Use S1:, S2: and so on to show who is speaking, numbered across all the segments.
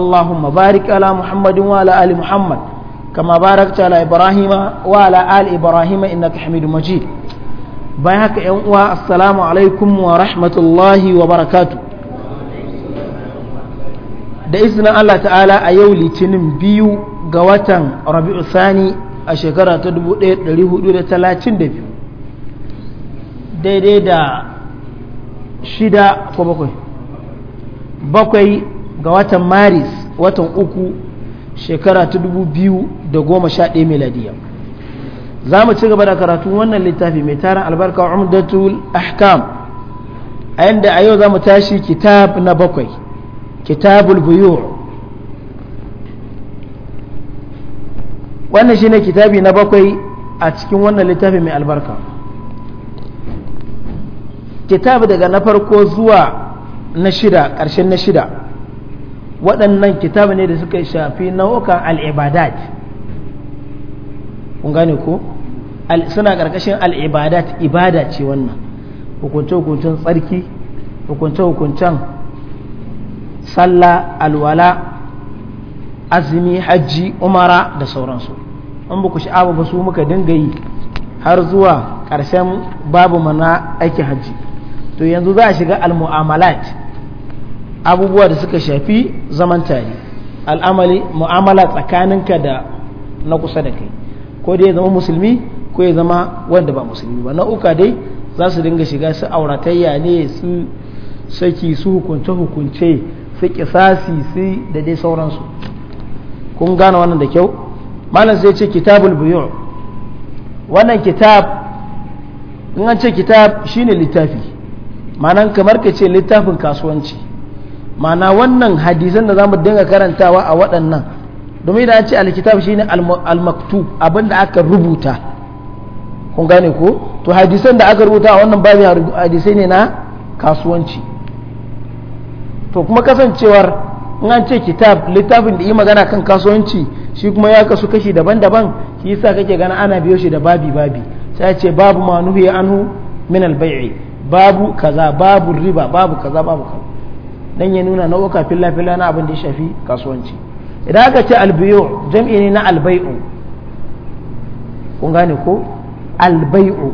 S1: اللهم بارك على محمد وعلى آل محمد كما باركت على إبراهيم وعلى آل إبراهيم إنك حميد مجيد بارك السلام عليكم ورحمة الله وبركاته da izinin Allah ta'ala a yau litinin biyu ga watan rabi'u sani a shekara ta 1432 daidai da shida ko bakwai bakwai ga watan maris watan uku shekara ta dubu biyu da goma sha ɗaya miladiya za mu ci gaba da karatu wannan littafi mai tarin albarka umdatul ahkam a yadda a yau za mu tashi kitab na bakwai kitabul buyu wannan shine kitabi na bakwai a cikin wannan littafi mai albarka kitab daga na farko zuwa na shida ƙarshen na shida waɗannan kitabu ne da suka shafi nau'ukan al'ibadat kun gane ko suna ƙarƙashin al'ibadat ibada ce wannan hukunce-hukuncen tsarki hukunce-hukuncen sallah alwala azumi hajji umara da sauransu in ba ku ba su muka dinga yi har zuwa ƙarshen babu mana aikin hajji to yanzu za a shiga almu'amalat abubuwa da suka shafi zaman tare al'amali mu'amala tsakaninka da na kusa da kai ko dai zama musulmi ko ya zama wanda ba musulmi ba na uka dai za su dinga shiga su auratayya ne su saki su hukunce hukunce su kisasi su da dai sauransu kun gane wannan da kyau malam sai ce kitabul buyu wannan kitab in an ce kitab shine littafi ma'anan kamar ka ce littafin kasuwanci ma'ana wannan hadisan da zamu dinga karantawa a waɗannan domin da an ce alkitab shine al-maktub abinda aka rubuta kun gane ko to hadisan da aka rubuta a wannan babin hadisai ne na kasuwanci to kuma kasancewar in an ce kitab littafin da yi magana kan kasuwanci shi kuma ya kasu kashi daban-daban shi yasa kake gana ana biyo shi da babi babi sai ce babu ma nuhi anhu min al babu kaza babu riba babu kaza babu kaza dan ya nuna nau'uka filla filla na abin da ya shafi kasuwanci idan aka ce albiyu jam'i ne na albai'u kun gane ko albai'u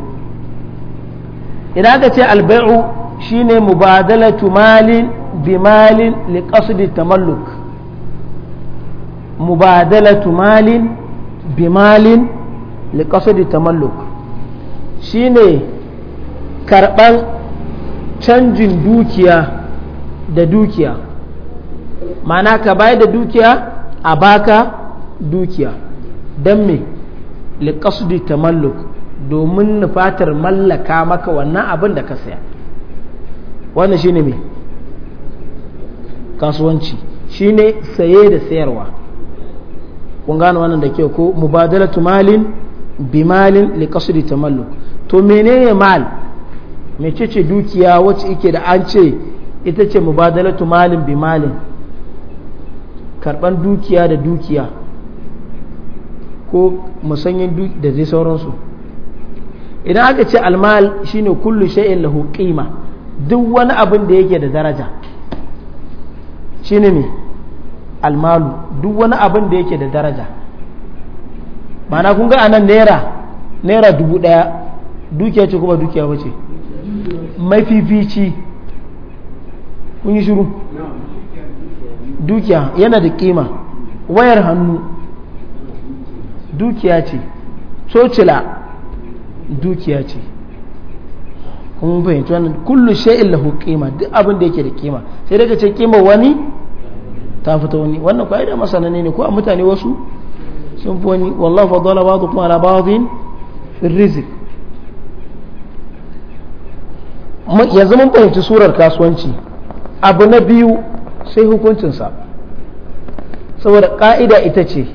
S1: idan aka ce albai'u shine mubadalatu malin bi malin li qasdi tamalluk mubadalatu malin bi malin li qasdi tamalluk shine karban canjin dukiya da dukiya ma'ana ka bayar da dukiya a baka dukiya don me liƙasudi tamalluk domin nufatar mallaka maka wannan abin da ka saya wannan shine me kasuwanci shine saye da sayarwa kun gane wannan da ke ko mubadalatu malin bi malin liƙasudi malluk to menene mal mecece dukiya wacce ike da an ce ita ce mubadalatu malin bi malin karban dukiya da dukiya ko musanyin da zai sauransu idan aka ce almal shine kullu shay'in lahu qima duk wani abin da yake da daraja shine ne almalu duk wani abin da yake da daraja mana kun ga anan naira naira dubu daya dukiya ce kuma dukiya wace mafifici kun yi shiru dukiya yana da kima wayar hannu dukiya ce cocila dukiya ce kuma fahimci wannan kullum shay'in lahu kima duk abin da yake da kima sai daga ce kima wani ta fita wani wannan kwaye da masana ne ko a mutane wasu sun fi wani wallafa fadala ba kuma ala ba'dhin rizq yanzu mun fahimci surar kasuwanci abu na biyu sai hukuncinsa saboda ƙa'ida ita ce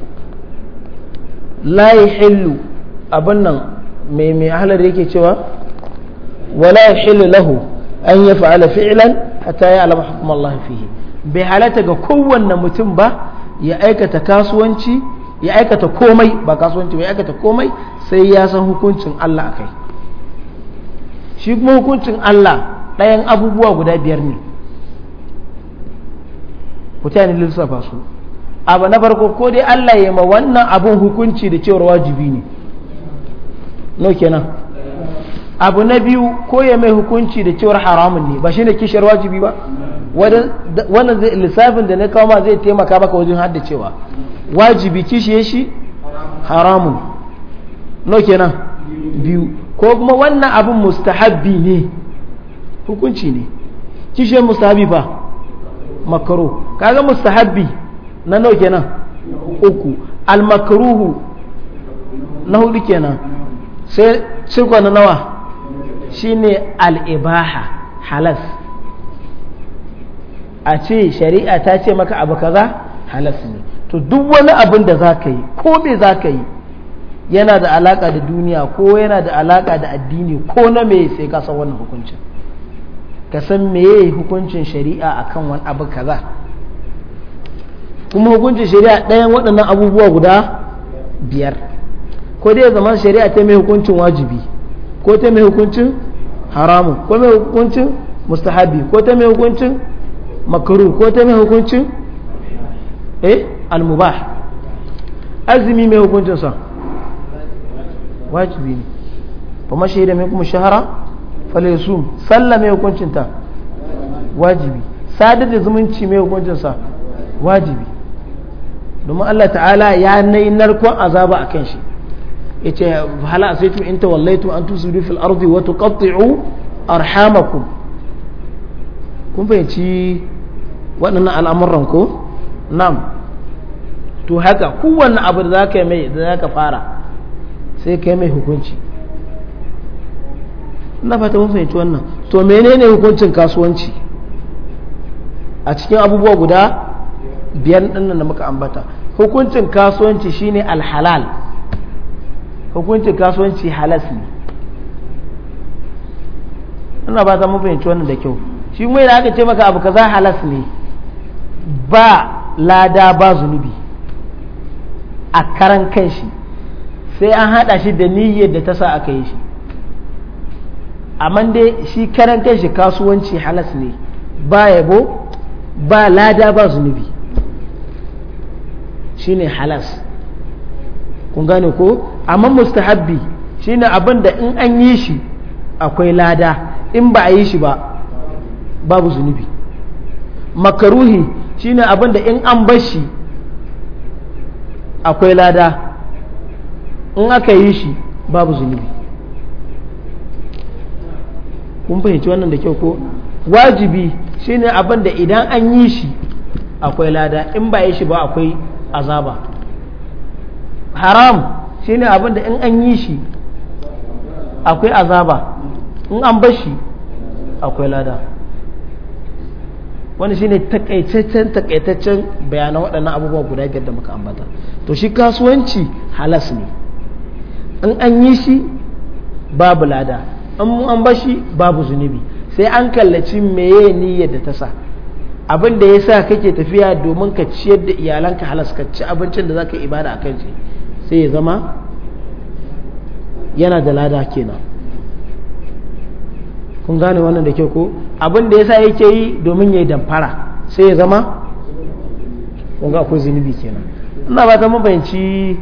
S1: layi hillu abin nan mai mai halar yake cewa wala ya hillu lahu an ya fa'ala fi'ilan hata ya alama hukumar Allah fihi bai halata ga kowanne mutum ba ya aikata kasuwanci ya aikata komai ba kasuwanci ba ya aikata komai sai ya san hukuncin Allah a kai shi kuma hukuncin Allah ɗayan abubuwa guda biyar ne mutane lissafa su abu na farko ko dai Allah ya ma wannan abun hukunci da cewar wajibi ne no kenan abu na biyu ko ya mai hukunci da cewar haramun ne ba shine kishiyar wajibi ba wannan lissafin da na kawo ma zai taimaka maka wajen cewa wajibi kishiye shi haramun no kenan biyu ko kuma wannan abun mustahabbi ne hukunci ne kishiyar mustahabbi ba. makaro kaga mustahabbi na nawa kenan uku al makruhu na hudu kenan sai cikon na nawa shine al ibaha halas a ce shari'a ta ce maka abu kaza halas ne to duk wani abin da za yi ko me zaka yi yana da alaka da duniya ko yana da alaka da addini ko na me sai ka san wannan hukuncin ka san meye hukuncin shari'a akan wani abu kaza kuma hukuncin shari'a ɗayan waɗannan abubuwa guda biyar ko dai zama shari'a ta mai hukuncin wajibi ko ta mai hukuncin haramu ko mai hukuncin mustahabi ko ta mai hukuncin makaru ko ta mai hukuncin eh almubah azumi mai hukuncin sa wajibi ne kuma shaida mai kuma shahara falesu sallah mai hukuncinta wajibi sadar da zumunci mai hukuncinsa wajibi domin Allah ta'ala ya nai narkon azaba a kan shi ya ce hala a saitu in tawallaitu an tusiru fil ardi wa tuqatti'u arhamakum kun fahimci waɗannan al'amuran ko nam to haka kowanne abu da zaka mai da zaka fara sai kai mai hukunci na fata mun fahimci wannan to menene hukuncin kasuwanci a cikin abubuwa guda biyan ɗannan da muka ambata hukuncin kasuwanci shine alhalal hukuncin kasuwanci halas ne ina ba ta mun fahimci wannan da kyau shi mai da aka ce maka abu kaza halas ne ba lada ba zunubi a karan kanshi sai an hada shi da niyyar da ta sa aka yi shi amma dai shi karan kanshi kasuwanci halas ne ba yabo ba lada ba zunubi shine halas kun gane ko amma mustahabbi shine abin da in an yi shi akwai lada in ba a yi shi ba babu zunubi makaruhi shine abin da in an bashi akwai lada in aka yi shi babu zunubi kun fahimci wannan da kyau ko wajibi shine abin da idan an yi shi akwai lada in ba yi shi ba akwai azaba haram shine abin da in an yi shi akwai azaba in an bar shi akwai lada wani shine takaitaccen takaitaccen bayanan waɗannan abubuwa guda biyar da muka ambata to shi kasuwanci halas ne in an yi shi babu lada an bashi babu zunubi sai an kallaci meye niyyar da ta sa abin da ya sa kake tafiya domin ka ciyar da iyalanka halas ka ci abincin da zaka ibada a kan shi sai ya zama yana da lada kenan kun gane wannan da ke ko abin da ya sa yake yi domin ya yi damfara sai ya zama kun ga akwai zunubi kenan ina ba ta mabayanci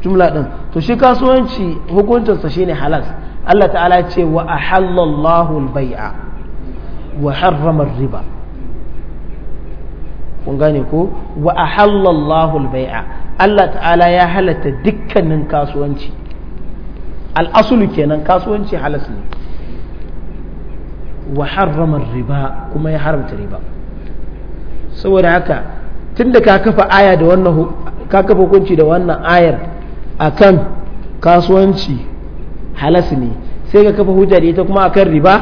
S1: jumla din to shi kasuwanci hukuncinsa shine halas Allah ta'ala ya ce wa ahallallahu al wa harrama riba kun gane ko wa ahallallahu al Allah ta'ala ya halatta dukkanin kasuwanci al'asulu kenan kasuwanci halas ne wa harrama riba kuma ya haramta riba saboda haka tunda ka kafa aya da wannan ka kafa hukunci da wannan ayar akan kasuwanci halas ne sai ka kafa hujja da ita kuma akan riba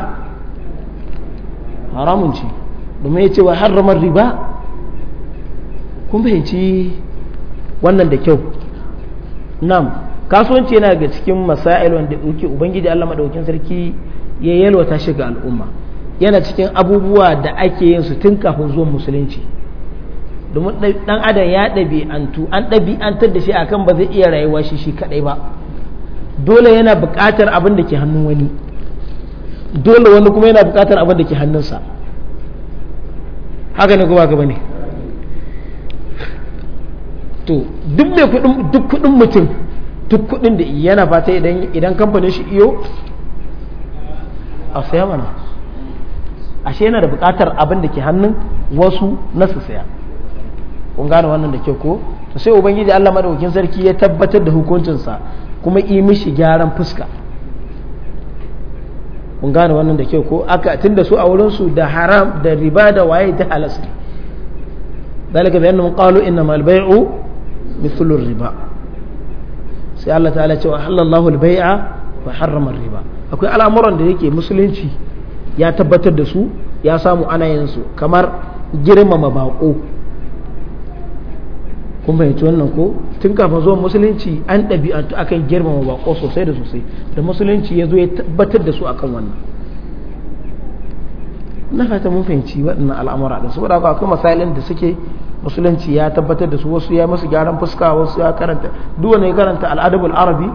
S1: haramun ce domin ya ce wa harramar riba kun fahimci wannan da kyau nam kasuwanci yana ga cikin masail wanda uke ubangiji Allah madaukakin sarki ya yalwata shi ga al'umma yana cikin abubuwa da ake yin su tun kafin zuwan musulunci domin dan adam ya ɗabi'antu an ɗabi'antar da shi akan ba zai iya rayuwa shi shi kaɗai ba dole yana buƙatar abin da ke hannun wani dole wani kuma yana buƙatar abin da ke hannunsa haka ne kuma gaba ne to duk mai kudin duk kudin mutum duk kudin da yana fata idan idan kamfanin shi iyo a saya mana ashe yana da buƙatar abin da ke hannun wasu na su saya kun gane wannan da ke ko to sai ubangiji Allah madaukakin sarki ya tabbatar da hukuncinsa kuma yi mishi gyaran fuska kun gane wannan da kyau ko aka tunda su a wurinsu da haram da riba da waye da halasta dalika bayan mun qalu inna mal bai'u mithlu riba sai Allah ta'ala ce wa halallahu al bai'a wa harrama riba akwai al'amuran da yake musulunci ya tabbatar da su ya samu ana yin su kamar girmama bako kun fahimci wannan ko tun kafin zuwan musulunci an ɗabi'antu akan girmama bako sosai da sosai da musulunci ya zo ya tabbatar da su akan wannan na fata mun fahimci waɗannan al'amura da saboda haka akwai misalin da suke musulunci ya tabbatar da su wasu ya masu gyaran fuska wasu ya karanta duk wanda ya karanta al'adabul arabi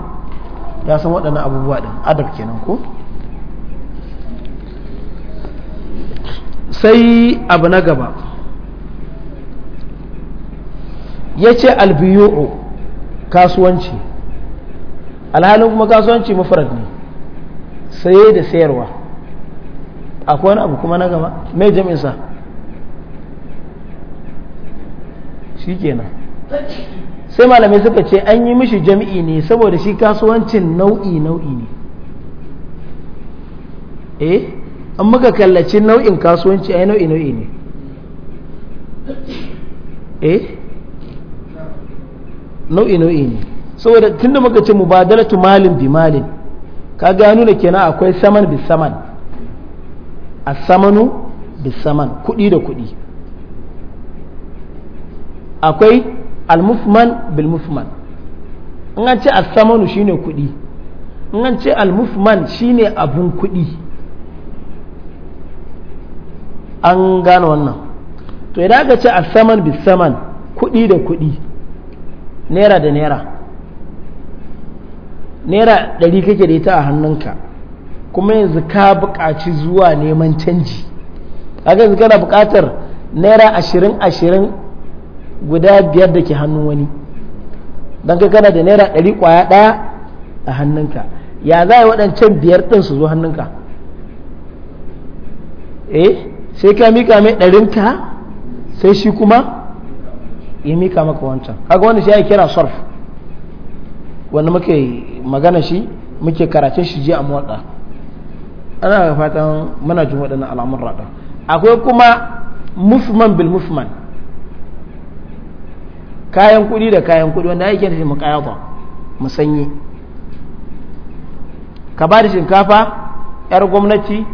S1: ya san waɗannan abubuwa ɗin adab kenan ko sai abu na gaba ya ce albiyu'u. kasuwanci alhalin kuma kasuwanci mafarad ne saye da sayarwa akwai wani abu kuma na gama, mai jami'insa shi kenan sai malamai suka ce an yi mishi jami'i ne saboda shi kasuwancin nau'i nau'i ne eh an muka kallaci nau'in kasuwanci ai nau'i nau'i ne eh nau'i nau'i ne saboda tunda muka ce mubadalatu malin bi malin ka ga da kenan akwai saman bi saman as-samanu bi saman kuɗi da kuɗi akwai al-mufman bil mufman in an ce as-samanu shine kuɗi in an ce al-mufman shine abun kuɗi an gano wannan to idan aka ce as-saman bi saman kuɗi da kuɗi naira da naira naira ɗari kake da ita a hannunka kuma yanzu ka buƙaci zuwa neman canji kaga yanzu kana buƙatar naira ashirin ashirin guda biyar da ke hannun wani don ka kana da naira ɗari ƙwaya ɗaya a hannunka ya za a yi waɗancan biyar ɗin su zo hannunka eh sai ka mika mai ɗarinka sai shi kuma ya mika maka wancan kaga wanda shi ya kira sarf wanda muke magana shi muke karatun shi je a motsa ana fatan muna jin waɗannan alamun raɗa akwai kuma mufman bil mufman kayan kuɗi da kayan kuɗi wanda ake nufi muƙayata musanyi ka ba da shinkafa 'yar gwamnati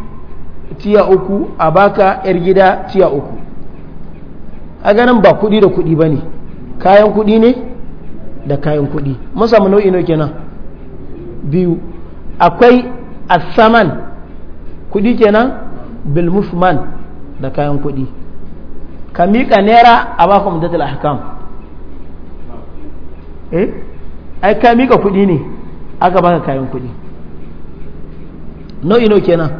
S1: tiya uku a baka 'yar gida tiya uku a ganin ba kuɗi da kuɗi ba ne kayan kuɗi ne da kayan kuɗi masu samu nau'i nauke nan biyu akwai asaman kuɗi kenan bilmusman da kayan kuɗi ka miƙa naira a baka mutatul ahkam eh ai ka miƙa kuɗi ne aka baka kayan kuɗi nau'i nauke nan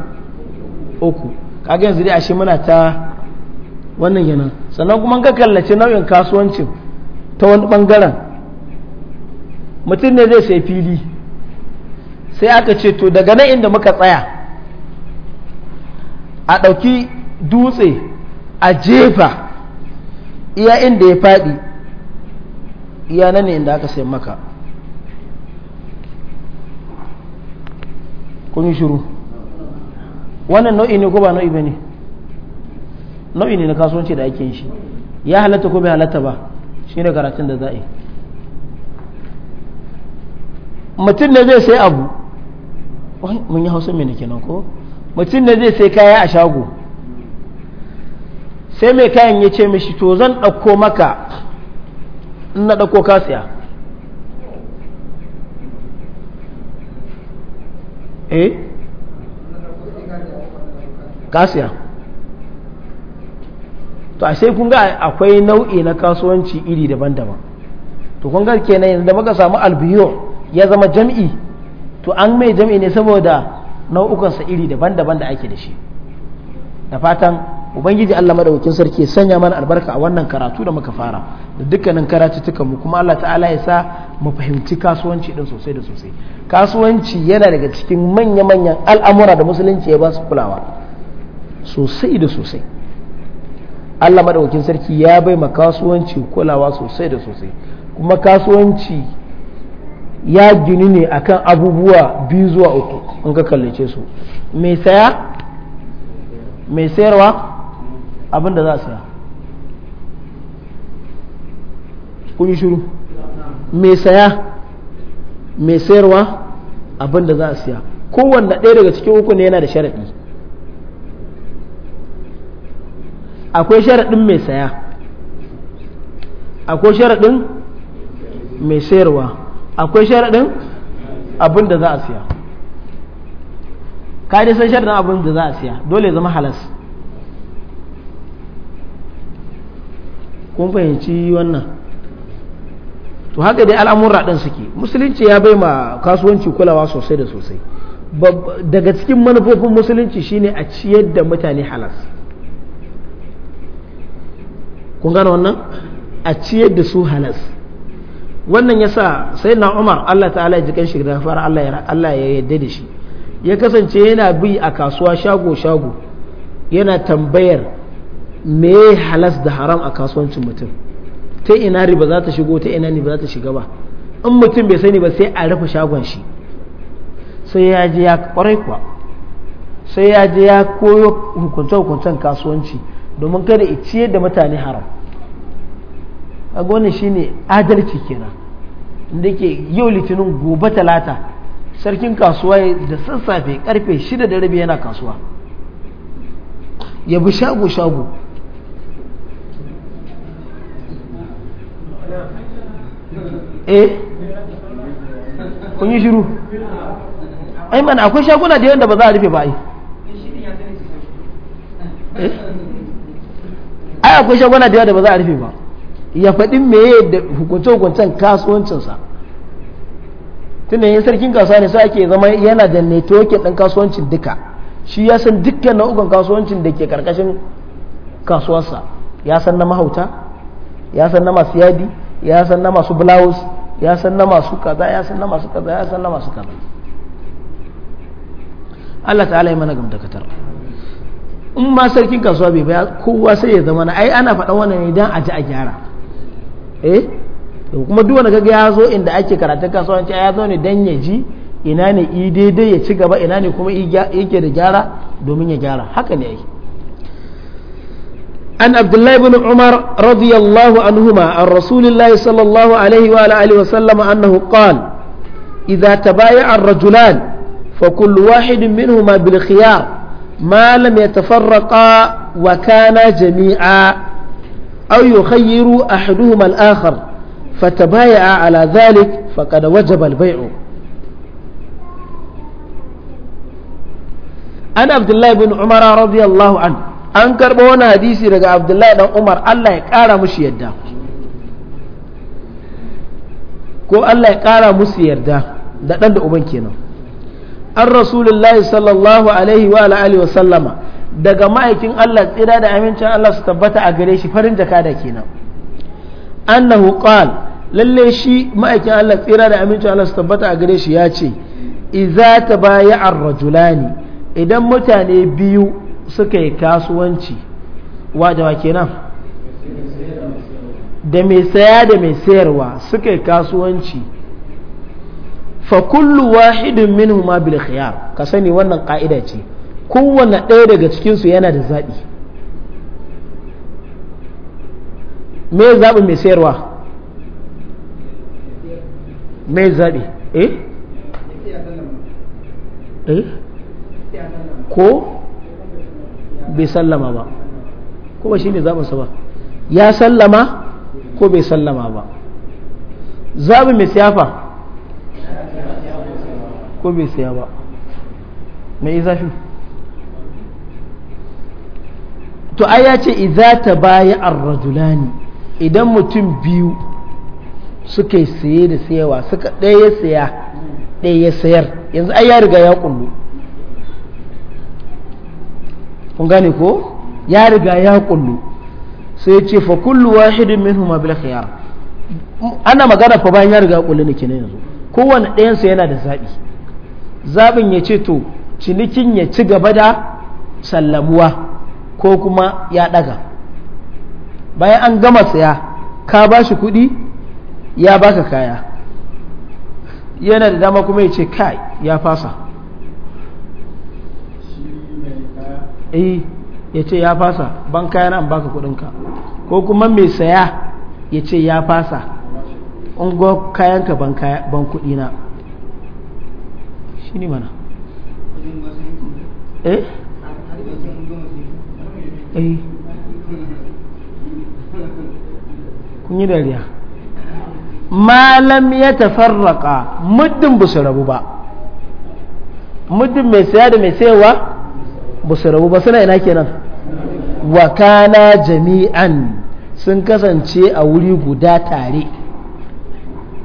S1: uku kaga yanzu dai ashe muna ta wannan yana sannan kuma ka kallace nau'in kasuwancin ta wani bangaren mutum ne zai sai fili sai aka ce to daga nan inda muka tsaya a ɗauki dutse a jefa iya inda ya faɗi iya nan ne inda aka sai maka kun yi shuru wannan nau'i ne ko ba nau'i ba ne nau'i ne na kasuwanci da ake shi ya halatta ko bai halatta ba shi ne karatun da za'a yi mutum ne zai sai abu mun yi hausa mai na kenan ko mutum ne zai sai kaya a shago sai mai kayan ya ce mishi to zan ɗauko maka in na ɗauko kasiya. eh kasiya to ashe kun ga akwai nau'i na kasuwanci iri daban-daban to kun ga kenan yanzu da muka samu albiyo ya zama jam'i to an mai jam'i ne saboda nau'ukansa iri daban-daban da ake da shi da fatan ubangiji Allah madaukakin sarki sanya mana albarka a wannan karatu da muka fara da dukkanin karatutukan mu kuma Allah ta'ala ya sa mu fahimci kasuwanci din sosai da sosai kasuwanci yana daga cikin manya-manyan al'amura da musulunci ya ba su kulawa sosai da sosai Allah madaukakin sarki ya bai ma kasuwanci kulawa sosai da sosai kuma kasuwanci ya gini ne akan abubuwa biyu zuwa uku in ka kallace su mai saya mai sayarwa abin da za a saya kun shuru shiru mai saya mai sayarwa abin da za a saya kowanne ɗaya daga cikin uku ne yana da sharaɗi akwai sharaɗin mai saya akwai sharaɗin mai sayarwa akwai sharaɗin abin da za a siya ka san sharaɗin abin da za a siya dole zama halas kun fahimci wannan to haka dai al'amurra ɗin suke musulunci ya bai ma kasuwanci kulawa sosai da sosai daga cikin manufofin musulunci shine a ciyar da mutane halas kun gano wannan a ciyar da su halas wannan ya sa sai na umar allah ta'ala ya jikin shi da fara allah ya yadda da shi ya kasance yana bi a kasuwa shago shago yana tambayar me halas da haram a kasuwancin mutum ta ina riba za ta shigo ta ina ne ba za ta shiga ba in mutum bai sani ba sai a rufe shagon shi sai ya je ya kwarai kuwa sai ya je ya koyo hukunce-hukuncen kasuwanci domin kada i ciyar da mutane haram a gwanin shi shine adalci kenan inda ke yau litinin gobe talata sarkin kasuwa da sassafe karfe shida da rabi yana kasuwa ya bi shago-shago eh kun yi shiru ai mana akwai shaguna da yawan da ba za a rufe ba yi? eh
S2: ai akwai shaguna da yawa da ba
S1: za a rufe ba ya faɗi meye da hukunce-hukuncen kasuwancinsa tunda yin sarkin kasuwa ne sai ake zama yana da netokin ɗin kasuwancin duka shi ya san dukkan nau'ukan kasuwancin da ke karkashin kasuwarsa ya san na mahauta ya san na masu yadi ya san na masu blouse ya san na masu kaza ya san na masu kaza ya san na masu kaza Allah ta'ala ya mana gamdakatar in ma sarkin kasuwa bai baya kowa sai ya zama na ai ana faɗa wannan ne don a ji a gyara eh kuma duk wanda kaga ya zo inda ake karatun kasuwanci ya zo ne don ya ji ina ne i daidai ya ci gaba ina ne kuma yake da gyara domin ya gyara haka yake an abdullahi ibn umar radiyallahu anhuma an rasulillahi sallallahu alaihi wa alihi wa sallama annahu qal idza tabaya'a ar-rajulan fa kullu wahidin minhuma bil khiyar malam ya tafarraqa wa kana jami'a aw yukhayyiru ahaduhuma al-akhar fatabaya'a ala dhalik faqad wajaba al-bay'u an abdullahi bin umar radiyallahu an an karɓo wani hadisi daga abdullahi dan umar Allah ya ƙara mushi yadda ko Allah ya ƙara musu yarda da ɗan da uban kenan an rasulullahi sallallahu alaihi wa alihi wa sallama daga ma'aikin Allah tsira da amincin Allah su tabbata a gare shi farin jaka da kenan annahu qal lalle shi ma'aikin Allah tsira da amincin Allah su tabbata a gare shi ya ce idza tabaya'a ar-rajulani idan mutane biyu suka yi kasuwanci wajawa kenan da mai saya da mai sayarwa suka yi kasuwanci fa kullu wahidin minhuma bil khiyar ka sani wannan ka'ida ce kowanne ɗaya daga cikin su yana da zaɓi me zaɓi mai sayarwa me zaɓi eh eh ko bai sallama ba ko ba shine zaɓinsa ba ya sallama ko bai sallama ba zaɓi mai siyafa ko bai saya ba mai yi zafi to ai ya ce idza ta baya arrajulani idan mutum biyu suka saye da sayawa suka ɗaya ya saya ɗaya ya sayar yanzu ai ya riga ya kullu kun gane ko ya riga ya kullu sai ya ce fa kullu wahidin minhuma bil khiyar ana magana fa bayan ya riga kullu ne kenan yanzu kowanne ɗayan sa yana da zabi zaɓin ya ce to cinikin ya ci gaba da sallamuwa ko kuma ya ɗaga bayan an gama saya ka ba shi kuɗi ya baka kaya yana da dama kuma ya ce kai ya fasa eh ya ce ya fasa ban kayan an baka kuɗinka ko kuma mai saya ya ce ya fasa ungo kayanka ban kuɗina shi ne mana eh? eh kun yi dariya malam ya tafarraka muddin ba su rabu ba muddin mai saya da mai sayawa ba su rabu ba suna ina kenan wakana jami'an sun kasance a wuri guda tare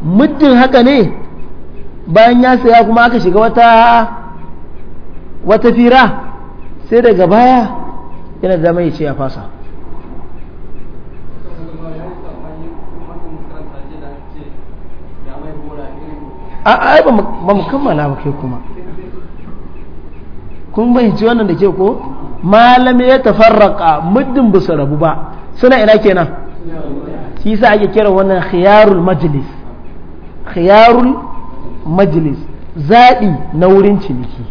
S1: muddin haka ne bayan ya saya kuma aka shiga wata wata fira sai daga baya yana zama ya ce ya fasa a ba mu kammala ba kai kuma kun bayanci wannan da ke ko malami ya tafarraka muddin ba rabu ba suna ina kenan shi sa ake kira wannan khiyarul majalis. khiyarul majlis zaɓi na wurin ciniki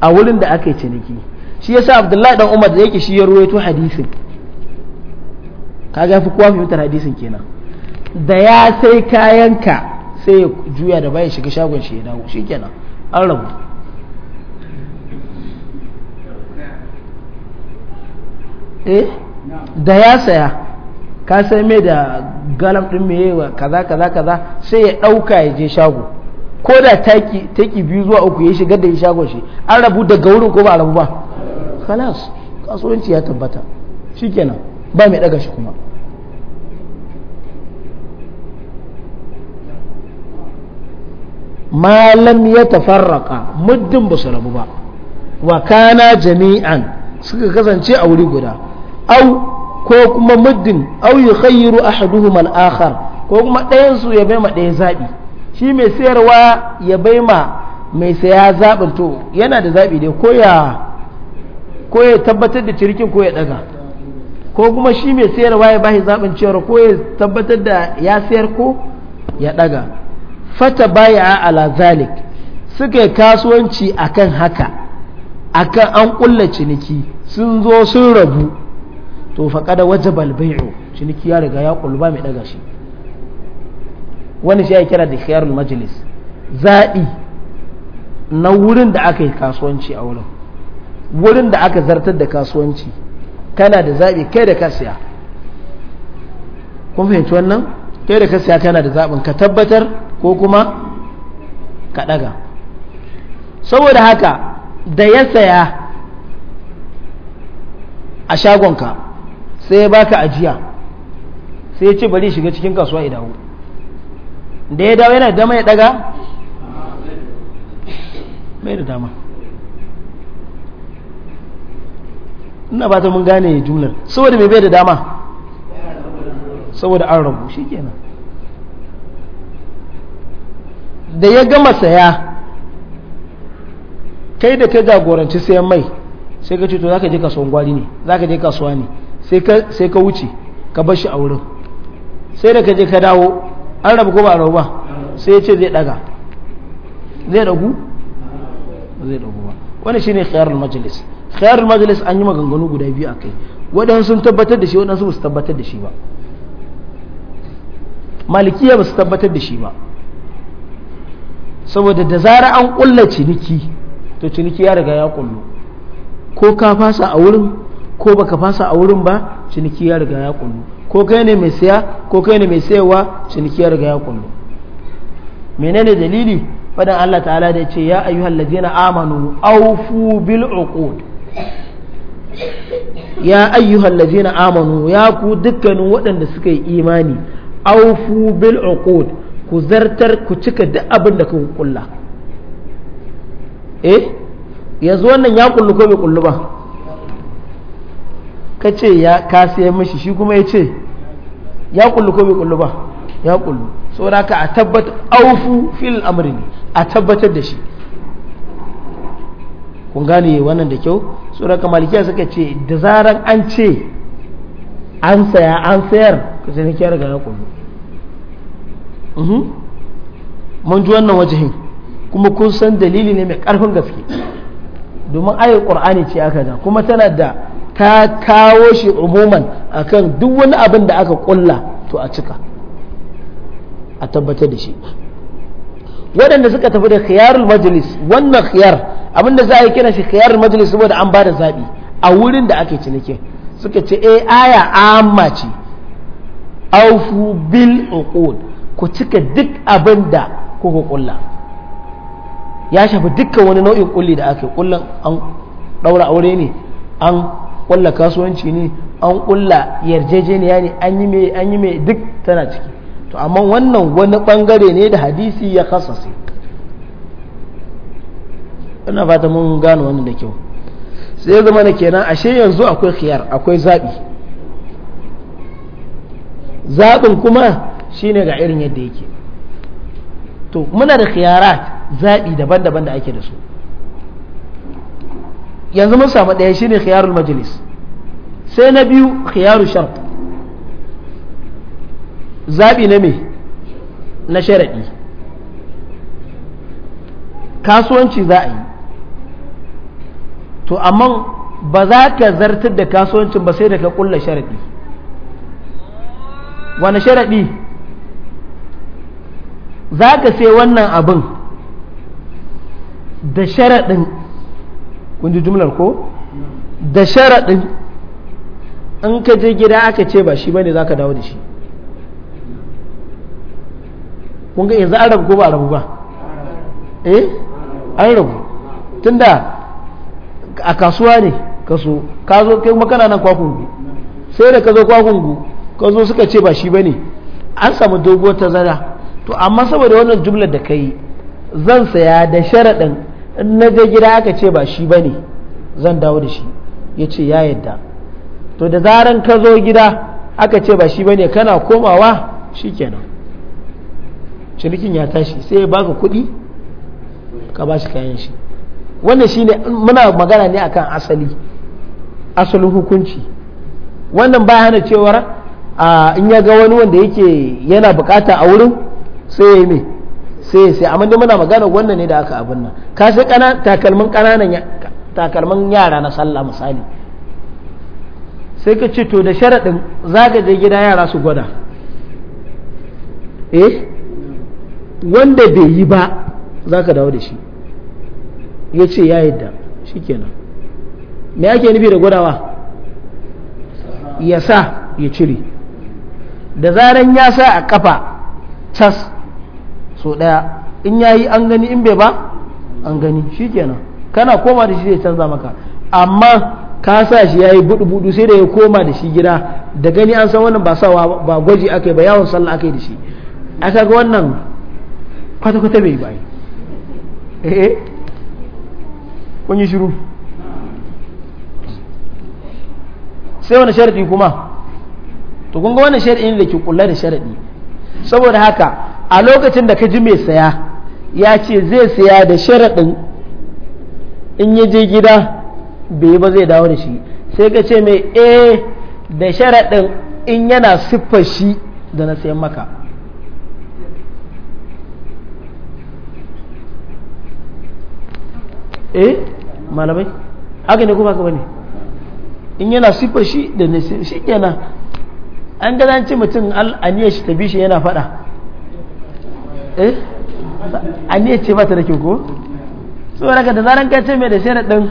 S1: a wurin da aka yi ciniki shi yasa abdullahi dan umar da yake shi ya ruwaito hadisin ga fi kowa fahimtar hadisin kenan da ya sai kayanka sai ya juya da bayan shiga shagon shi ya dawo shi kenan an rabu eh da ya saya ka sai mai da galam ɗin mai wa kaza kaza kaza sai ya ɗauka ya je shago ko da taki taki biyu zuwa uku ya shigar da ya shago shi an rabu daga wurin ko ba a rabu ba kalas kasuwanci ya tabbata shikenan ba mai daga shi kuma malam ya tafarraka muddin ba su rabu ba wa kana jami'an suka kasance a wuri guda au ko kuma muddin au yukhayyiru ahaduhum al-akhar ko kuma ɗayan su ya ma ɗaya zabi shi mai sayarwa ya bai ma mai saya zabin to yana da zabi dai ko ya ko ya tabbatar da cirkin ko ya daga ko kuma shi mai sayarwa ya bai zabin cewa ko ya tabbatar da ya sayar ko ya daga fata baya ala zalik suka yi kasuwanci akan haka akan an ƙulla ciniki sun zo sun rabu to faqada wajaba al shi ciniki ya riga ya kulba mai daga shi wani shi ya kira da khiyarul majlis zaɓi na wurin da aka yi kasuwanci a wurin wurin da aka zartar da kasuwanci kana da zaɓi kai da ka siya kun fahimci wannan kai da ka siya kana da zaɓin ka tabbatar ko kuma ka ɗaga saboda haka da ya saya a shagonka sai ya baka ajiya sai ya ce bari shiga cikin kasuwa ya dawo da ya dawo yana dama ya daga mai da dama ina ba ta mun gane jumlar saboda mai bai da dama saboda an rabu shi kenan da ya gama saya kai da ka jagoranci sayan mai sai ka ce to za ka je kasuwan gwari ne za ka je kasuwa ne sai ka wuce ka bar shi a wurin sai da ka je ka dawo an rabu ko ba a rabu ba sai ya ce zai daga zai dagu zai dagu ba wani shine khiyarul majalis khiyarul majalis an yi maganganu guda biyu a kai waɗansu sun tabbatar da shi waɗansu ba su tabbatar da shi ba malikiya ba su tabbatar da shi ba saboda da zara an kulla ciniki to ciniki ya riga ya kullu ko ka fasa a wurin ko baka fasa a wurin ba ciniki ya riga ya kullu ko kai ne mai saya ko kai ne mai sayarwa ciniki ya riga ya kullu menene dalili fadan Allah ta'ala da ce ya ayyuhal ladina amanu awfu bil uqud ya ayyuhal ladina amanu ya ku dukkanin waɗanda suka yi imani awfu bil uqud ku zartar ku cika duk abin da kuka kulla eh yanzu wannan ya kullu ko bai kullu ba ka ce ya ka siya mishi shi kuma ya ce ya kullu ko bai kullu ba ya kullu na ka a tabbatar aufu fil amri a tabbatar da shi kun gane wannan da kyau na ka malikiya suka ce da zaran an ce an saya an sayar ka sai kiyar ga ya kullu mhm. mun ji wannan wajihin kuma kun san dalili ne mai karfin gaske domin ayar qur'ani ce aka ja kuma tana da ta kawo shi umuman kan duk wani abin da aka kulla to a cika a tabbatar da shi waɗanda suka tafi da khiyarul majalis, wannan khiyar abin da za a yi kira shi khiyarul majalis saboda an ba da zaɓi a wurin da ake cinikin suka ce e aya amma ce aufu bil uqud ku cika duk abin da kuka kulla ya shafi dukkan wani nau'in kulli da aka kullan an daura aure ne an kulla kasuwanci ne an kulla yarjejeniya ne an yi mai duk tana ciki to amma wannan wani bangare ne da hadisi ya kasase ina fata mun gano wannan da kyau sai zama na kenan ashe yanzu akwai khiyar akwai zaɓi zabin kuma shine ga irin yadda yake to muna da khiyarat zaɓi daban-daban da ake da su yanzu mun samu ɗaya shine khiyarul majlis sai na biyu khiyaru shart zabi na me na sharadi kasuwanci za a yi to amma ba za ka zartar da kasuwancin ba sai da ka kulla sharaɗi wani sharaɗi za ka sai wannan abin da sharaɗin kun ji jumlar ko da sharaɗin in ka je gida aka ce ba shi bane za ka dawo da shi kun ga yanzu an rabu ko ba a rabu ba eh an rabu tunda a kasuwa ne so ka zo kai makana nan kwakungu sai da ka zo kwakungu ka zo suka ce ba shi bane an samu doguwar zara to amma saboda wannan jumlar da ka yi zan saya da sharaɗin in na je gida aka ce ba shi ba ne zan dawo da shi ya ce ya yadda to da zaran ka zo gida aka ce ba shi ba ne kana komawa shi kenan cinikin ya tashi sai ya baka kuɗi ka ba shi kayan shi wannan shine muna magana ne akan asali asalin hukunci wannan ba hana cewar in ya ga wani wanda yake yana bukata a wurin sai ya yi mai sai sai amma dai muna magana wannan ne da aka abin nan ka sai kana takalmin kananan takalmin yara na sallah misali sai ka ce to da sharaɗin za ka je gida yara su gwada eh wanda bai yi ba za ka dawo da shi ya ce ya yadda shi kenan me ake nufi da gwadawa ya sa ya cire da zaran ya sa a kafa cas so daya in ya yi an gani in bai ba an gani shi kenan kana koma da shi zai canza maka amma ka sa shi ya yi budu budu sai da ya koma da shi gida da gani an san wannan ba sawa ba gwaji yi ba yawon sallah yi da shi aka ga wannan kwata kwata bai bai eh kun yi shiru sai wani sharadi kuma to kun ga wannan sharadi ne da ke kula da sharadi saboda haka a lokacin da ka ji mai saya ya ce zai saya da sharaɗin in ya je gida bai ba zai dawo da shi sai ka ce mai eh da sharaɗin in yana siffar shi da na sayan maka E, malamai haka ne kuma haka ne? in yana siffar shi da na sayan shi kenan an ga mutum al'aniyar shi ta bi shi yana faɗa eh aniyar ce ba ta da kyau ko so ka da zaran ka ce mai da din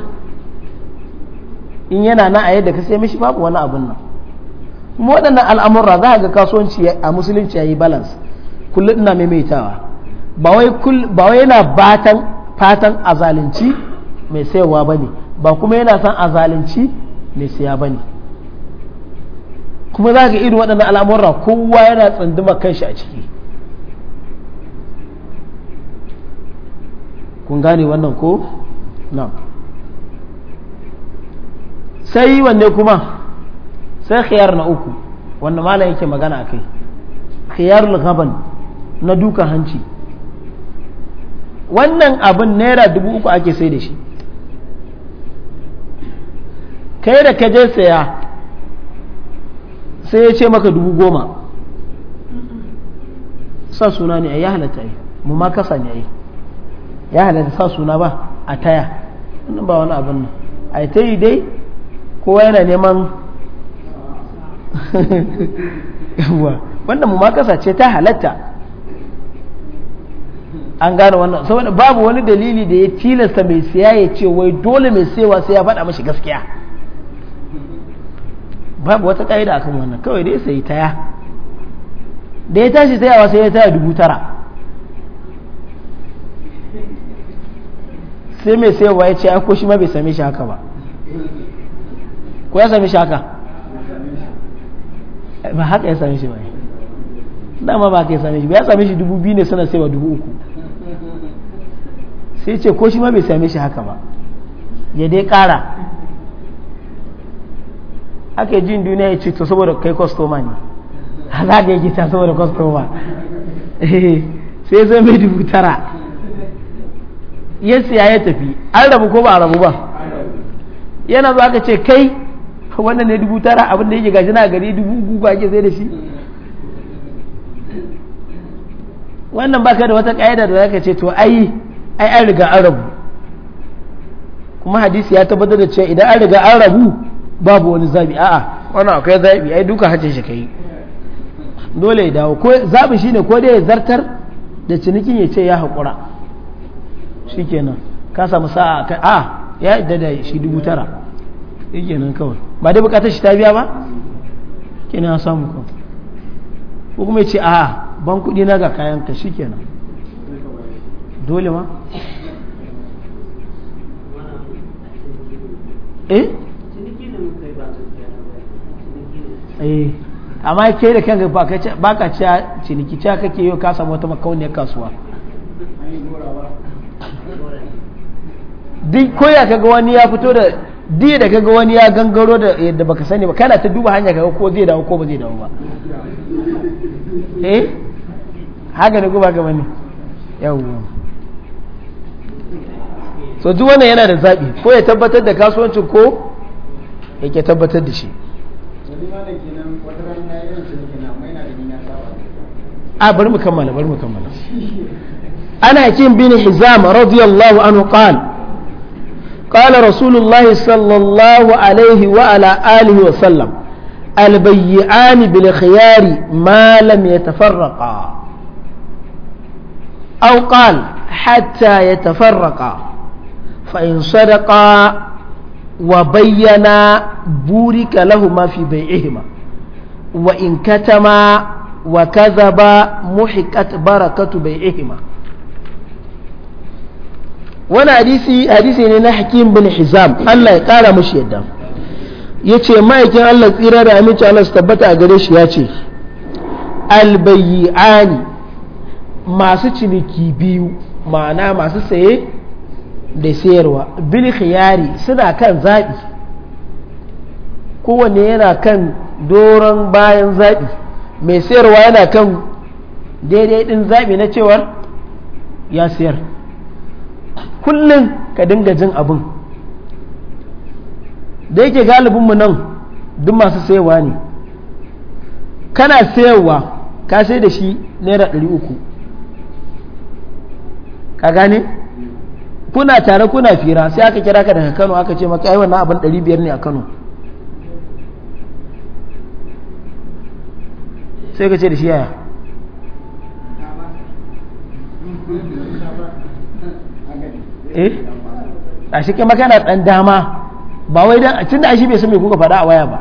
S1: in yana na a yadda ka sai mishi babu wani abun nan kuma waɗannan al'amurra za ka ga kasuwanci a musulunci ya yi balance kullum ina maimaitawa ba wai yana batan fatan a mai sayarwa ba ne ba kuma yana son a mai saya ba ne kuma za ga irin waɗannan al'amurra kowa yana tsanduma kanshi a ciki kun gane wannan ko na sai wanne kuma sai khiyar na uku wanda malam yake magana akai khiyar gaban na duka hanci wannan abin naira dubu uku ake sai da shi kai da ka je saya sai ya ce maka dubu goma sa suna ne a yi halatta yi mu ma kasa ne a yi ya halatta sa suna ba a taya wannan ba wani abin nan a ta yi dai kowa yana neman yawa wannan mu makasa ce ta halatta an gane wannan saboda babu wani dalili da ya tilasta mai siya ya ce wai dole mai sayawa sai ya faɗa mashi gaskiya babu wata ƙa'ida akan wannan kawai dai sai taya da ya tashi tayawa sai ya taya dubu tara
S2: sai mai wa ya ce ko shi
S1: ma bai same shi haka ba ko ya same shi haka ba haka ya same shi ba dama ba ka ya same shi ba ya same shi dubu biyu ne suna ba dubu uku sai ce ko shi ma bai same shi haka ba ya dai kara ake jin duniya ya ce to saboda kai kwastoma ne za ga yake ta saboda kwastoma sai zai mai dubu tara ya siya ya tafi an rabu ko ba a rabu ba yana zuwa ka ce kai wannan ne dubu tara abin da yake gashi na gari dubu guga ke sai da shi wannan ba ka da wata ka'ida da zaka ce to ai ai an riga an rabu kuma hadisi ya tabbatar da cewa idan an riga an rabu babu wani zabi a'a wannan akwai zabi ai duka hace shi kai dole ya dawo ko zabi shine ko dai ya zartar da cinikin ya ce ya haƙura shi kenan ka samu sa'a kan a ah, ya yadda da shi dubu tara kenan kawai ba dai bukatar shi ta biya ba kenan ya samu kawai ko kuma ya ce a ah, ban kudi na ga kayan ka shi kenan dole ma eh eh amma ke da kanka ba ka ciya ciniki ciya kake yau ka samu wata makauniyar kasuwa duk koya kaga wani ya fito da diya da kaga wani ya gangaro da yadda baka sani ba kana ta duba hanya kaga ko zai dawo ko ba zai dawo ba eh haka ne ko ba gaba ne yawwa so duk wannan yana da zaɓi ko ya tabbatar da kasuwancin ko yake tabbatar da shi a bari mu kammala bari mu kammala ana kin bin hizam radiyallahu anhu qala قال رسول الله صلى الله عليه وعلى آله وسلم البيعان بالخيار ما لم يتفرقا أو قال حتى يتفرقا فإن صدقا وبينا بورك لهما في بيعهما وإن كتما وكذبا محكت بركة بيعهما wani hadisi hadisi ne na hakim bin hizam Allah ya kara mushi yadda ya ce ma'aikin Allah tsira da aminci Allah su tabbata a gare shi ya ce albayyani masu ciniki biyu ma'ana masu saye da sayarwa bil khiyari suna kan zaɓi kowanne yana kan doron bayan zaɓi mai sayarwa yana kan daidai ɗin zaɓi na cewar ya sayar kullum ka dinga jin abin da yake galibinmu nan duk masu sayewa ne kana sayarwa ka sai da shi naira ɗari uku ka gane kuna tare kuna fira sai aka kira ka daga kano aka ce maka ai wannan abin ɗari biyar ne a kano sai ka ce da shi yaya eh a shi kai makana dan dama ba wai dan tun da shi bai san me kuka fada a waya ba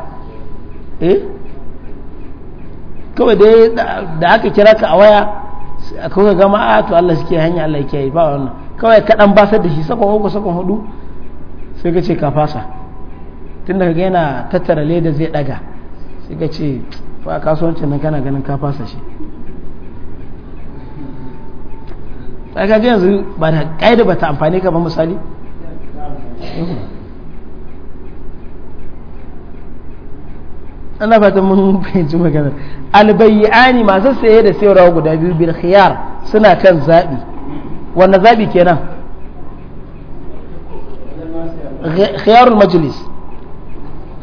S1: eh kawai dai da aka kira ka a waya kuka gama a ah, to Allah suke hanya Allah yake yi ba wannan kawai ka dan basar da shi sakon uku sakon hudu sai ka ce ka fasa tun da yana tattara leda zai daga sai ka ce ba kasuwancin nan kana ganin ka fasa shi ta kaga yanzu ba da kaida ba ta amfani ka ba misali ana fata mun fahimci magana albayyani masu saye da sayarwa guda biyu bil khiyar suna kan zabi wanda zabi kenan khiyarul majlis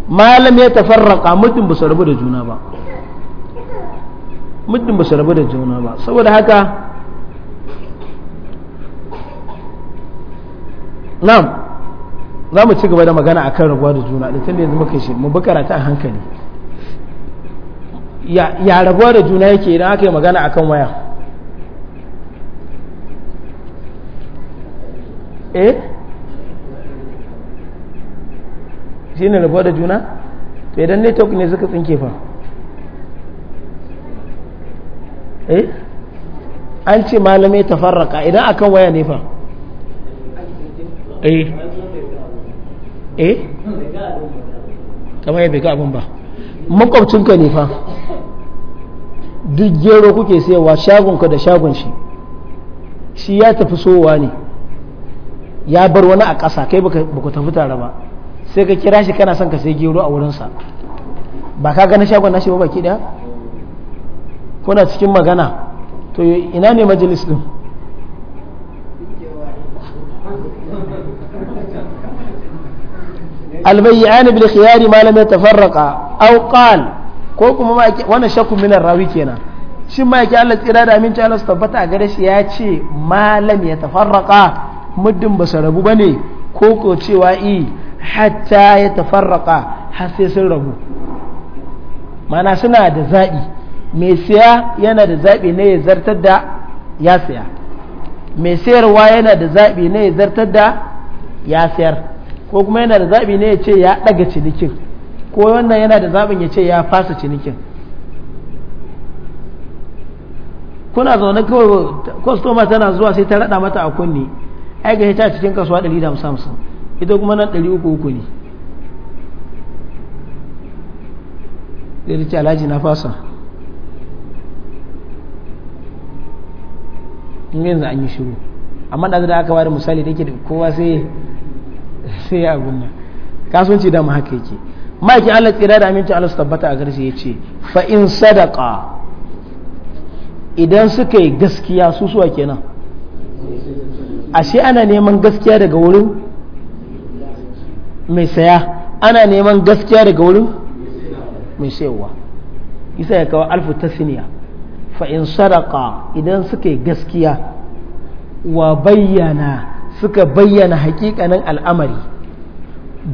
S1: malam ya tafarraka mutum ba su rabu da juna ba mutum ba su rabu da juna ba saboda haka na'am za mu ci gaba da magana a kan rabuwa da juna da tun da yanzu muka shi mu bi karatu a hankali ya rabuwa da juna yake idan aka yi magana a kan waya eh shi ne rabuwa da juna to idan network ne suka tsinke fa eh an ce malamai tafarraka idan akan waya ne fa eh eh kamar yadda abin ba makwabcinka ne fa duk gero kuke sayarwa shagonka da shagon shi shi ya tafi sowa ne ya bar wani a ƙasa kai ku tafi tare ba sai ka kira shi kana son ka sai gero a wurinsa ba ka gani shagon nashi ba baki ɗaya kuna cikin magana to ina ne majalis ɗin. albayyan bil khiyari ma lam yatafarraqa aw qal ko kuma ma wannan shakku min rawi kenan shin ma yake Allah tsira da aminci Allah su tabbata a gare shi ya ce ma lam yatafarraqa muddin ba su rabu bane ko ko cewa i hatta yatafarraqa har sai sun rabu mana suna da zaɓi mai siya yana da zaɓi ne ya zartar da ya siya mai sayarwa yana da zaɓi ne ya zartar da ya sayar ko kuma yana da zaɓi ne ya ce ya ɗaga cinikin ko wannan yana da zaɓin ya ce ya fasa cinikin kuna zaune kawai kwastoma tana zuwa sai ta raɗa mata a kunni ai ga ta cikin kasuwa 150 ita kuma nan ɗari uku uku ne zai ce alhaji na fasa yanzu an yi shiru amma da aka ware misali take da kowa sai sai abun nan kasuwanci da mu haka yake maki Allah tsira da aminci Allah su tabbata a garsi ya ce fa in sadaka idan suka yi gaskiya su suwa kenan ashe ana neman gaskiya daga wurin mai saya ana neman gaskiya daga wurin mai sayarwa isa ya kawo alfu tasniya fa in sadaka idan suka yi gaskiya wa bayyana suka bayyana hakikanin al'amari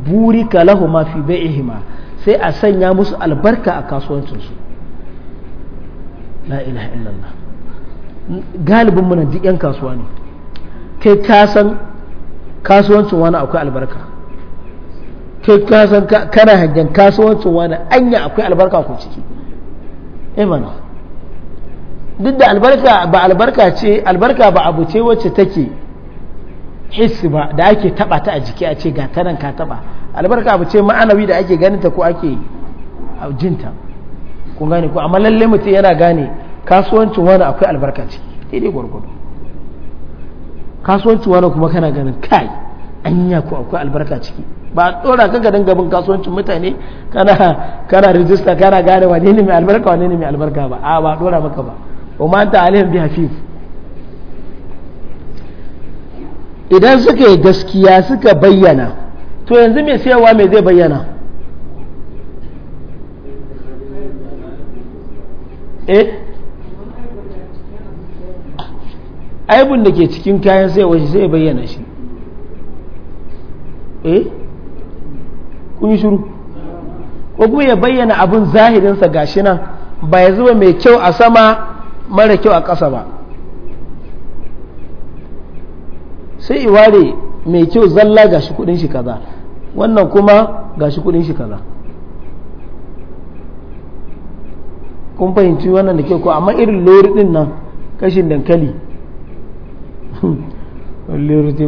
S1: buri ka lahuma fi bai'ihima sai a sanya musu albarka a kasuwancinsu la ilaha illallah galibin muna duk 'yan kasuwa ne kai kasan kasuwancin wani akwai albarka kai kasan kana hangen kasuwancin wani anya akwai albarka ku ciki imana eh duk da albarka ba albarka ce albarka ba abu ce wacce take hissi ba da ake taba ta a jiki a ce ga tanan ka taba albarka abu ce ma'anawi da ake ganinta ko ake jinta ko gane ko amma lalle mutum yana gane kasuwancin wani akwai albarka ciki daidai gwargwado kasuwancin wani kuma kana ganin kai yi ko akwai albarka ciki ba a tsora kan ka gabin kasuwancin mutane kana kana rijista kana gane wane ne mai albarka wa ne mai albarka ba a ba a tsora maka ba umma ta alaihim bi hafifu idan suka yi gaskiya suka bayyana to yanzu mai sayarwa mai zai bayyana eh aibun da ke cikin kayan sayarwa shi sai bayyana shi eh kun yi shuru ko kuma ya bayyana abun zahirinsa gashi nan ba ya zuba mai kyau a sama mara kyau a ƙasa ba sai iware mai kyau zalla gashi kudin shi kaza wannan kuma gashi kudin shi kaza kun fahimci wannan da ke ko amma irin lori din nan kashin dankali lori te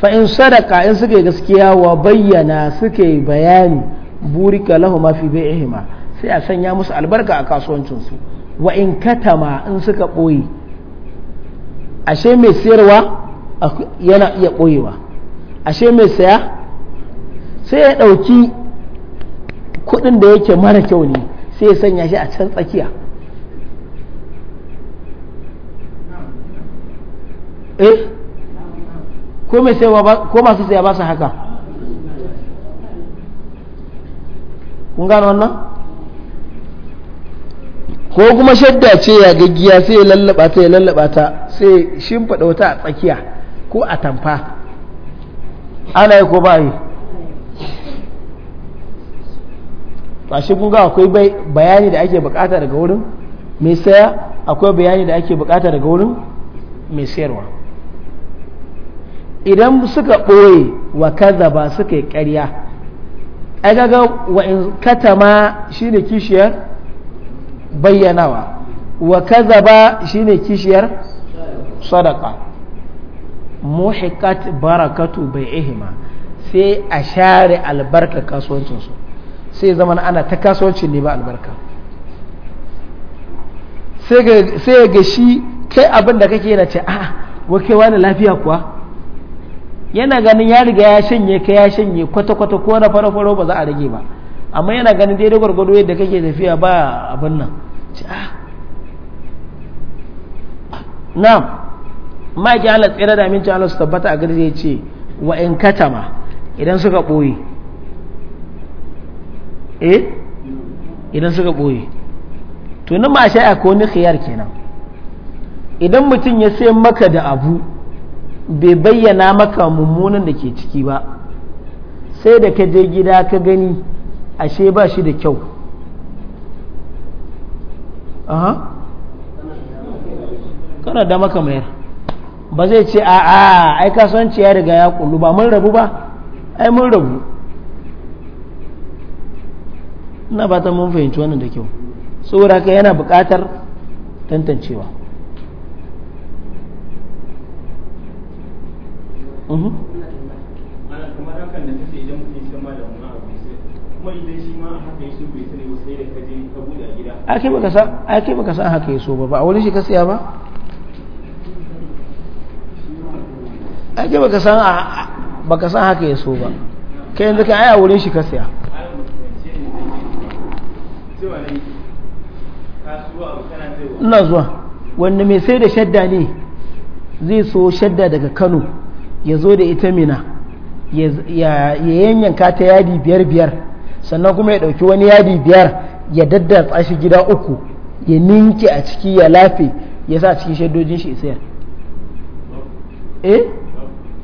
S1: fa in sadaka in suka yi gaskiya wa bayyana suka yi bayani burika lahu mafi bai ihima sai a sanya musu albarka a kasuwancinsu wa in katama in suka ɓoye ashe mai sayarwa yana iya ɓoyewa ashe mai saya sai ya ɗauki kuɗin da yake mara kyau ne sai ya sanya shi a can tsakiya eh ko mai sayarwa ko masu saya ba su haka kun gano wannan ko kuma shadda ce ya gaggiya sai ya lallaba ta ya lallaba ta sai shimfiɗa wata a tsakiya ko a tamfa ana yi ko ba yi ba shi kun akwai bayani da ake bukata daga wurin mai saya akwai bayani da ake bukata daga wurin mai sayarwa idan suka ɓoye wa kaza ba suka yi ƙarya ai kaga wa in katama shine kishiyar bayyanawa wa kaza shi shine kishiyar sadaka muhikat barakatu ihima sai a share albarka kasuwancinsu sai zama ana ta kasuwancin ne ba albarka sai ga shi kai abin da kake yana ce a wake wani lafiya kuwa yana ganin ya riga ya shanye ka ya shanye kwata-kwata ko na faro-faro ba za a rage ba amma yana ganin daidai gwargwado yadda kake tafiya ba abin nan ah, na ma'aikin ala tsira da aminci ala su tabbata a gari ce wa in katama idan suka ɓoye eh idan suka ɓoye to ma shi ko ni khiyar kenan idan mutum ya sai maka da abu bai bayyana maka mummunan da ke ciki ba sai da ka je gida ka gani ashe ba shi da kyau aha kana da maka mayar ba zai ce a a ai kasuwanci ya riga ya kullu ba mun rabu ba ai mun rabu ina ba ta mun fahimci wannan da kyau saboda ka yana buƙatar tantancewa mhm. kuma idan shi ma haka yaso bai sani ba sai da ka a gida ai kai baka san ai kai baka san haka yaso ba ba a wurin shi ka siya ba ai kai baka san baka san haka yaso ba kai yanzu kai ai a wurin shi ka siya ina zuwa wanda mai sai da shadda ne zai so shadda daga kano ya zo da ita mina ya yanyanka ta yadi biyar biyar sannan kuma ya ɗauki wani yadi biyar ya daddatsa shi gida uku ya ninke a ciki ya lafe ya sa cikin shaidojin shi sayar eh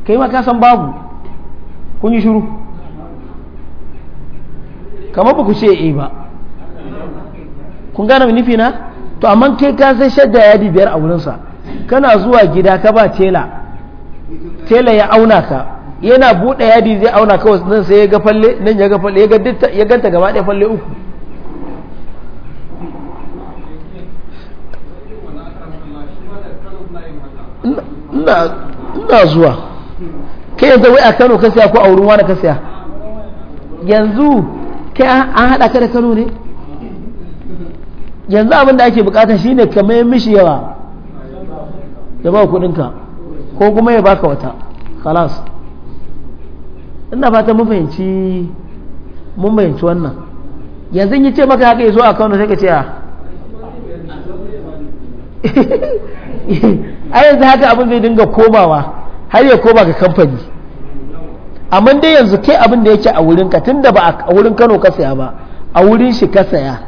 S1: kai ma ka san babu kun yi shiru kamar ba ku ce eh ba kun gane nufi na to amma kai ka sai shadda yadi biyar a wurinsa kana zuwa gida ka ba tela tela ya auna ka yana buɗe yadi zai auna kawai nan sai ya ga falle nan ya ga falle ya ganta gaba ɗaya falle uku ina zuwa kai yanzu wai a kano ka siya ko a wurin wani ka siya yanzu kai an haɗa ka da kano ne yanzu abin da ake bukata shine ka mai mishi yawa ya ba kuɗinka ko kuma ya baka wata khalas ina fata mun mun fahimci wannan yanzu yi ce maka haka ya zo a na sai ka ce a ah. yanzu haka abin zai dinga komawa har ya koma ga kamfani amma dai yanzu kai abin da yake a wurin ka da ba a wurin kano ka saya ba a wurin shi ka saya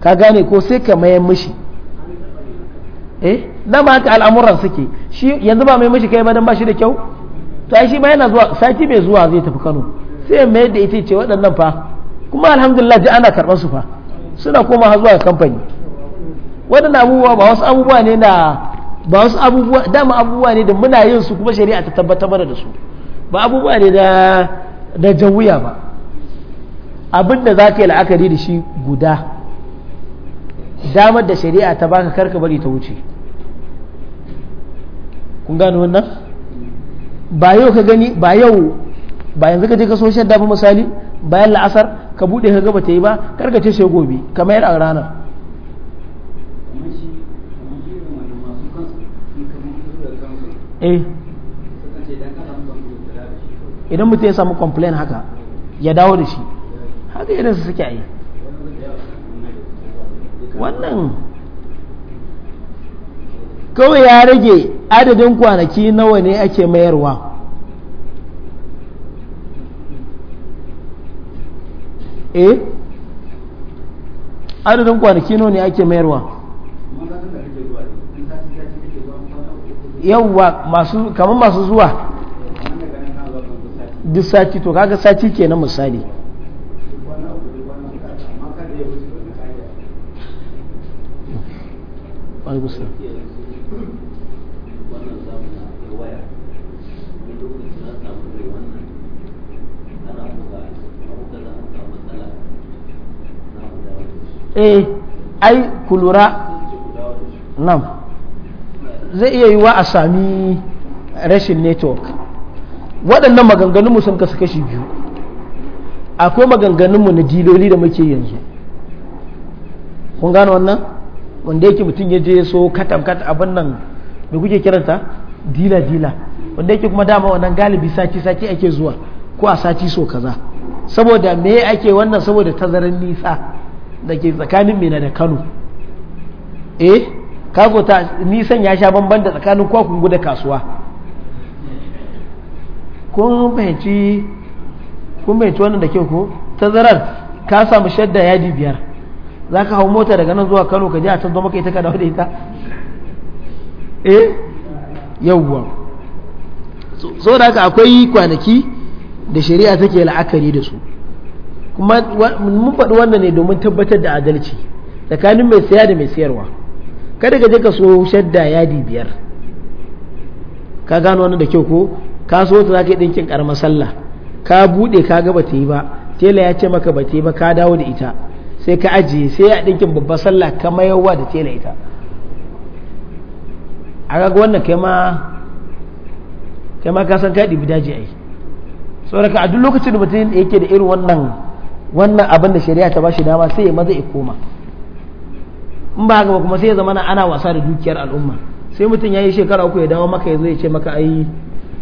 S1: ka gane ko sai ka mayan mishi eh dama haka al'amuran suke shi yanzu ba mai mishi kai ba dan ba shi da kyau to ai shi ma yana zuwa sati mai zuwa zai tafi Kano sai mai da ita ce waɗannan fa kuma alhamdulillah ji ana karɓar su fa suna koma zuwa kamfani waɗannan abubuwa ba wasu abubuwa ne na ba wasu abubuwa dama abubuwa ne da muna yin su kuma shari'a ta tabbatar mana da su ba abubuwa ne da da jawuya ba abin da za yi la'akari da shi guda damar da shari'a ta baka karka bari ta wuce kun gano wannan ba yau ka gani ba yau ba yanzu ka je ka so shi dafa misali bayan la'asar ka bude ka gaba ta yi ba kar ka ce sai gobe kamar mayar a ranar eh. idan mutum ya samu complain haka ya dawo da shi haka irin su suke yi wannan kawai ya rage adadin kwanaki nawa ne ake mayarwa eh adadin kwanaki nawa ne ake mayarwa yawwa masu kamar masu zuwa duk sati to kaga sati ke na misali wani gusa eh ai kulura nan zai iya yiwa a sami rashin network waɗannan maganganunmu sun kasu kashi biyu akwai maganganunmu na diloli da muke yanzu kun gano wannan wanda yake mutum ya je so katam katam abin nan da kuke kiranta dila dila wanda yake kuma dama wannan galibi sati sati ake zuwa ko a sati so kaza saboda me ake wannan saboda tazarin nisa da ke tsakanin mina da kano eh kago ta nisan ya sha bamban da tsakanin kwakungu guda kasuwa kun fahimci kun wannan da kyau ko tazarar ka samu shadda yadi biyar za ka hau mota daga nan zuwa kano ka je a can maka ita ka dawo da ita eh yawwa so da haka akwai kwanaki da shari'a take la'akari da su kuma mun faɗi wannan ne domin tabbatar da adalci tsakanin mai saya da mai sayarwa kada ka je ka so shadda yadi biyar ka gano wannan da kyau ko ka so ta zaka yi dinkin karamar sallah ka bude ka ga bata yi ba tela ya ce maka bata yi ba ka dawo da ita sai ka ajiye sai a dinkin babbar sallah ka mayarwa da tela ita a ga wannan kai ma kai ma ka san ka ɗibi daji ai saboda a duk lokacin da mutum yake da irin wannan wannan abin da shari'a ta bashi dama sai ya maza ya koma in ba haka kuma sai ya zama ana wasa da dukiyar al'umma sai mutum ya yi shekara uku ya dawo maka ya zo ya ce maka ai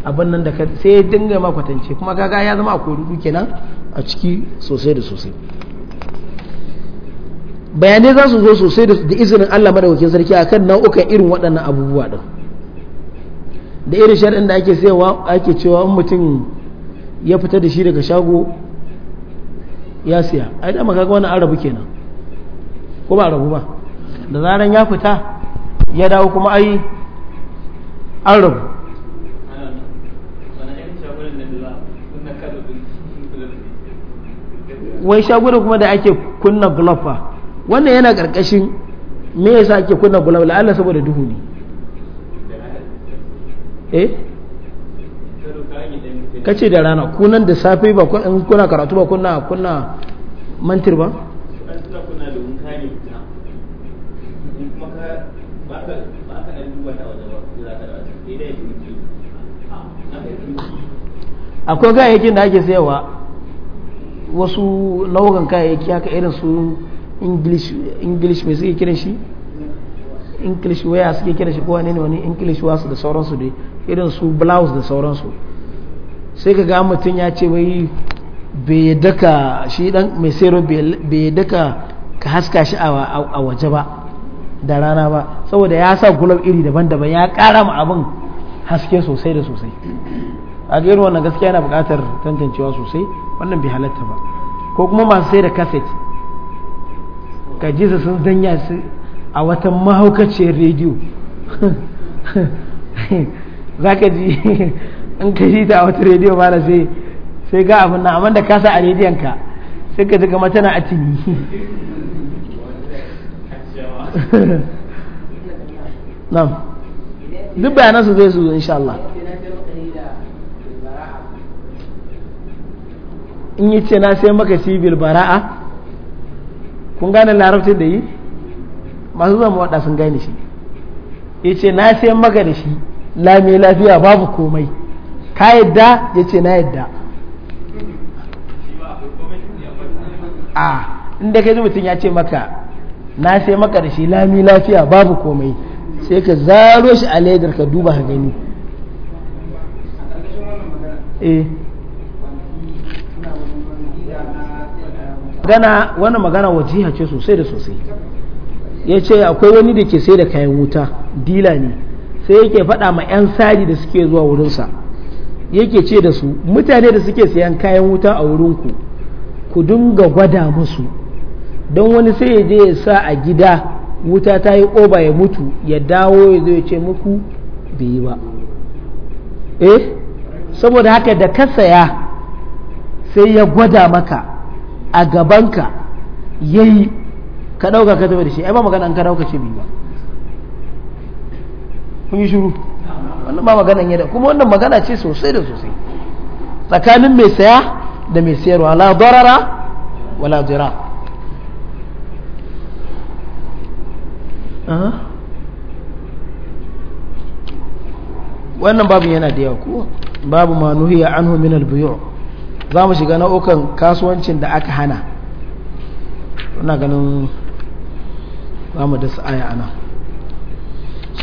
S1: abin nan da ka sai ya dinga ma kwatance kuma kaga ya zama akwai duke kenan a ciki sosai da sosai bayanai za su zo sosai da izinin Allah madaukakin sarki akan nau'ukan irin waɗannan abubuwa ɗin da irin shar'in da ake ake cewa in mutum ya fita da shi daga shago ya siya ai da maka wani arabu kenan ko ba arabu ba da zaran ya fita ya dawo kuma ai arabu wai shagunan kuma da ake kunna gulafa wannan yana karkashin me yasa ake kunna gulafa la'alla saboda duhu ne eh kace da rana kunan da safe ba kuna karatu ba kuna kuna mantir ba akwai kayayyakin da ake sayawa wasu nau'ukan kayayyaki haka irin su english mai suke kiran shi english waya suke kiran shi kowane ne wani english wasu da sauransu dai irin su blouse da sauransu sai ka ga mutum ya ce wai bai daka shi dan mai sayarwa bai daka ka haska shi a waje ba da rana ba saboda ya sa gulab iri daban-daban ya kara ma abin haske sosai da sosai a ga wannan gaskiya yana buƙatar tantancewa sosai wannan bai halatta ba ko kuma masu sai da kaset ka ji su sun zanya su a wata mahaukaciyar rediyo za ka ji in ka yi ta wata rediyo mala sai sai ga abin na amma da ka sa a rediyon ka sai ka ji kamar tana a cini na'am duk bayanan su zai su insha Allah in yi ce na sai maka sibil bara'a kun gane larabtar da yi masu zama waɗa sun gane shi ya ce na sai maka da shi lami lafiya babu komai ka yadda ya ce na yadda a inda ka ji mutum ya ce maka na sai maka da shi lami lafiya babu komai sai ka zaro shi a ledar ka duba ka gani eh magana wannan magana ce sosai da sosai ya ce akwai wani da ke sai da kayan wuta dila ne sai yake faɗa ma 'yan sari da suke zuwa wurinsa yake ce da su mutane da suke sayan kayan wuta a wurinku ku dinga gwada musu don wani sai ya je ya sa a gida wuta ta yi oba ya mutu ya dawo ya zo ya ce muku bai yi ba eh saboda haka da ka saya sai ya gwada maka a gabanka ya yi ka ɗauka ka tafi da shi ai ba magana an ka ɗauka ce bai ba kun yi shiru wannan ba maganan yadda kuma wannan magana ce sosai da sosai tsakanin mai saya da mai sayarwa la darara wala jira. wannan babu yana da yawa ko babu ma nuhiya anhu min al-buyu' za mu shiga nau'ukan kasuwancin da aka hana ina ganin za mu dasa aya anan